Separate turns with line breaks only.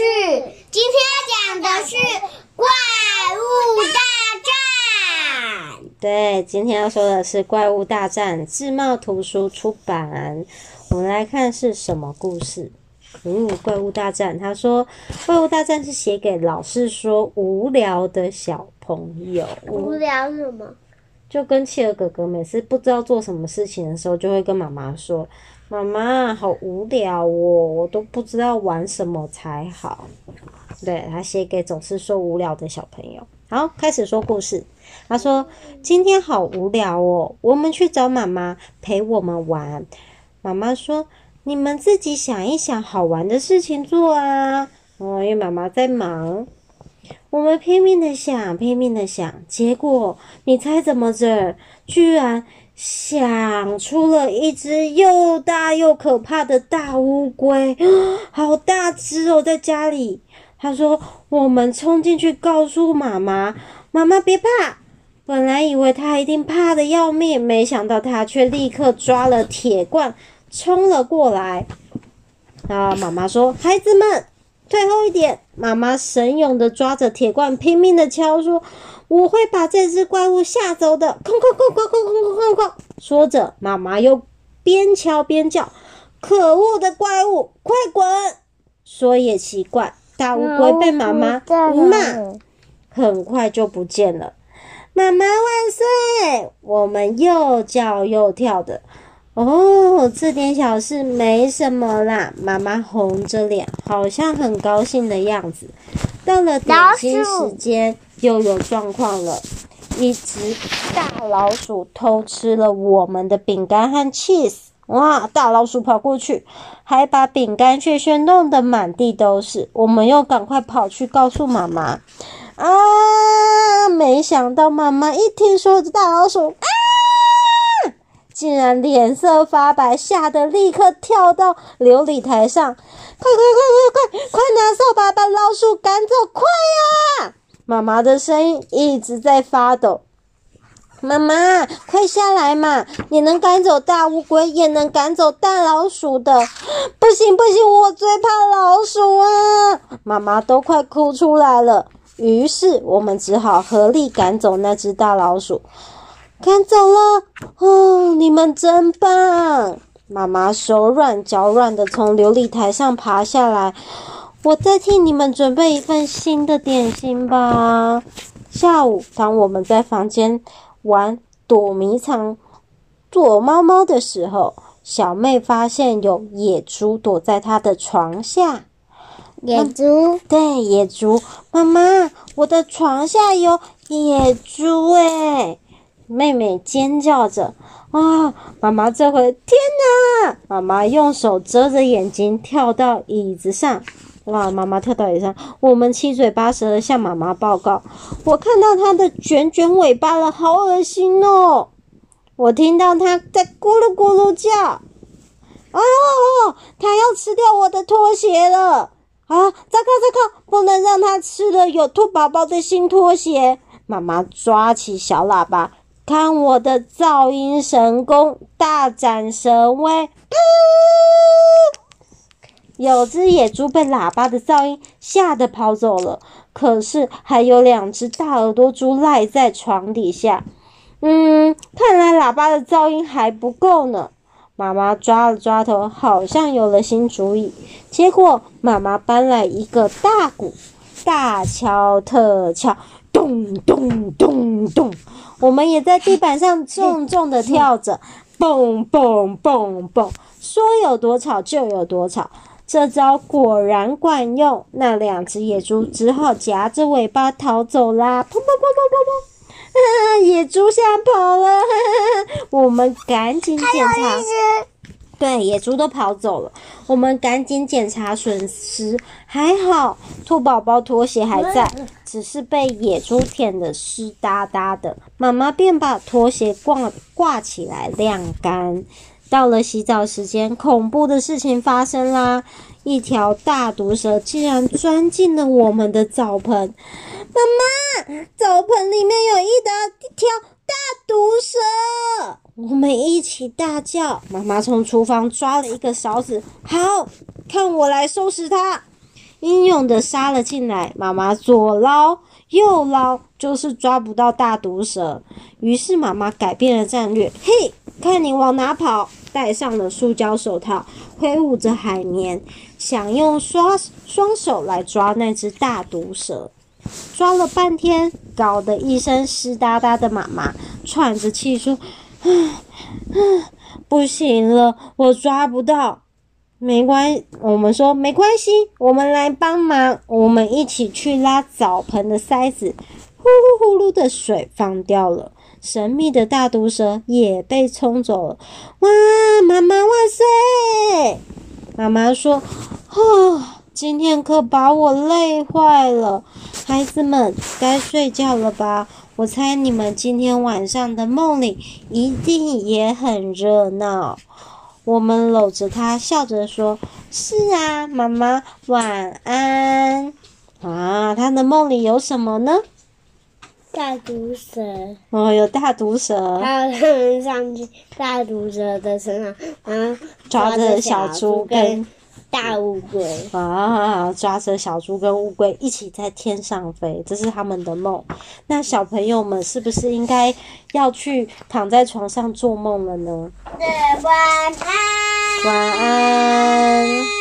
是，今天要講的是怪物大戰。對，今天要說的是《怪物大戰》，智茂圖書出版。我們來看是什麼故事。嗯，《怪物大戰》，他說，《怪物大戰》是寫給老是說無聊的小朋友。無聊什麼？就跟企鵝哥哥每次不知道做什麼事情的時候，就會跟媽媽說。媽媽好無聊哦，我都不知道玩什麼才好。對，他寫給總是說無聊的小朋友，好，開始說故事。他說：“今天好無聊哦，我們去找媽媽陪我們玩。”媽媽說：“你們自己想一想，好玩的事情做啊。”哦，因為媽媽在忙，我們拼命的想，拼命的想，結果你猜怎麼着？居然。想出了一隻又大又可怕的大烏龜，好大隻哦、喔！在家裡，他說：“我們衝進去告訴媽媽，媽媽別怕。”本來以為他一定怕得要命，沒想到他卻立刻抓了鐵罐衝了過來。然後媽媽說：“孩子們，退後一點！”媽媽神勇的抓着鐵罐，拼命的敲說。我會把這隻怪物嚇走的！哐哐哐哐哐哐哐哐！說着，媽媽又邊敲邊叫：“可惡的怪物，快滾！”說也奇怪，大烏龜被媽媽罵，很快就不見了。媽媽萬歲！我們又叫又跳的。哦，這點小事沒什麼啦。媽媽紅着臉，好像很高興的樣子。到了點心時間。又有狀況了！一只大老鼠偷吃了我們的餅乾和 cheese，哇！大老鼠跑過去，還把餅乾屑屑弄得滿地都是。我們又趕快跑去告訴媽媽，啊！沒想到媽媽一聽說這大老鼠，啊！竟然臉色發白，嚇得立刻跳到流理台上，快快快快快快拿掃把把老鼠趕走，快呀、啊！媽媽的聲音一直在發抖。媽媽，快下來嘛！你能趕走大烏龜，也能趕走大老鼠的。不行不行，我最怕老鼠啊！媽媽都快哭出來了。於是我們只好合力趕走那隻大老鼠。趕走了，哦，你們真棒！媽媽手軟腳軟的從流理臺上爬下來。我再替你們準備一份新的點心吧。下午，當我們在房間玩躲迷藏、躲貓貓的時候，小妹發現有野豬躲在她的床下。野豬？對，野豬！媽媽，我的床下有野豬，欸！哎，妹妹尖叫着。啊，媽媽，這回天哪！媽媽用手遮着眼睛，跳到椅子上。哇！媽媽跳到椅子上，我們七嘴八舌的向媽媽報告：我看到它的捲捲尾巴了，好噁心哦！我聽到它在咕嚕咕嚕叫。啊！它、哦哦、要吃掉我的拖鞋了！啊！糟糕糟糕，不能讓它吃了有兔寶寶的新拖鞋。媽媽抓起小喇叭，看我的噪音神功，大展神威！啊！有隻野豬被喇叭的噪音嚇得跑走了，可是還有兩隻大耳朵豬賴在床底下。嗯，看來喇叭的噪音還不夠呢。媽媽抓了抓頭，好像有了新主意。結果媽媽搬來一個大鼓，大敲特敲，咚咚咚咚咚咚。我們也在地板上重重的跳着，蹦蹦蹦蹦。說有多吵就有多吵。這招果然管用，那兩隻野豬只好夾着尾巴逃走啦！砰砰砰砰砰砰！ 野豬嚇跑了， 我們趕緊檢查。對，野豬都跑走了，我們趕緊檢查損失。還好，兔寶寶拖鞋還在，只是被野豬舔得濕噠噠的。媽媽便把拖鞋掛掛起來晾乾。到了洗澡時間，恐怖的事情發生啦！一條大毒蛇竟然鑽進了我們的澡盆。媽媽，澡盆裡面有一條，一條大毒蛇！我們一起大叫。媽媽從廚房抓了一個勺子，好，看我來收拾它。英勇的殺了進來，媽媽左撈右撈，就是抓不到大毒蛇。於是媽媽改變了戰略，嘿，看你往哪跑！戴上了塑膠手套，揮舞着海綿，想用雙雙手來抓那隻大毒蛇。抓了半天，搞得一身濕噠噠的媽媽。媽媽喘着氣說：“唉，不行了，我抓不到。”“沒關”，我們說“沒關係，我們來幫忙，我們一起去拉澡盆的塞子。”“呼嚕呼嚕”的水放掉了。神秘的大毒蛇也被沖走了，哇！媽媽，萬歲！媽媽說：“哦，今天可把我累壞了，孩子們，該睡覺了吧？我猜你們今天晚上的夢裡一定也很熱鬧。”我們摟着她，笑着說：“是啊，媽媽，晚安。”啊，她的夢裡有什麼呢？大毒蛇哦，有大毒蛇，然後他們上去大毒蛇的身上，然後抓着，抓着小豬跟大烏龜啊、哦，抓着小豬跟烏龜一起在天上飛，這是他們的夢。那小朋友們是不是應該要去躺在床上做夢了呢？晚安，晚安。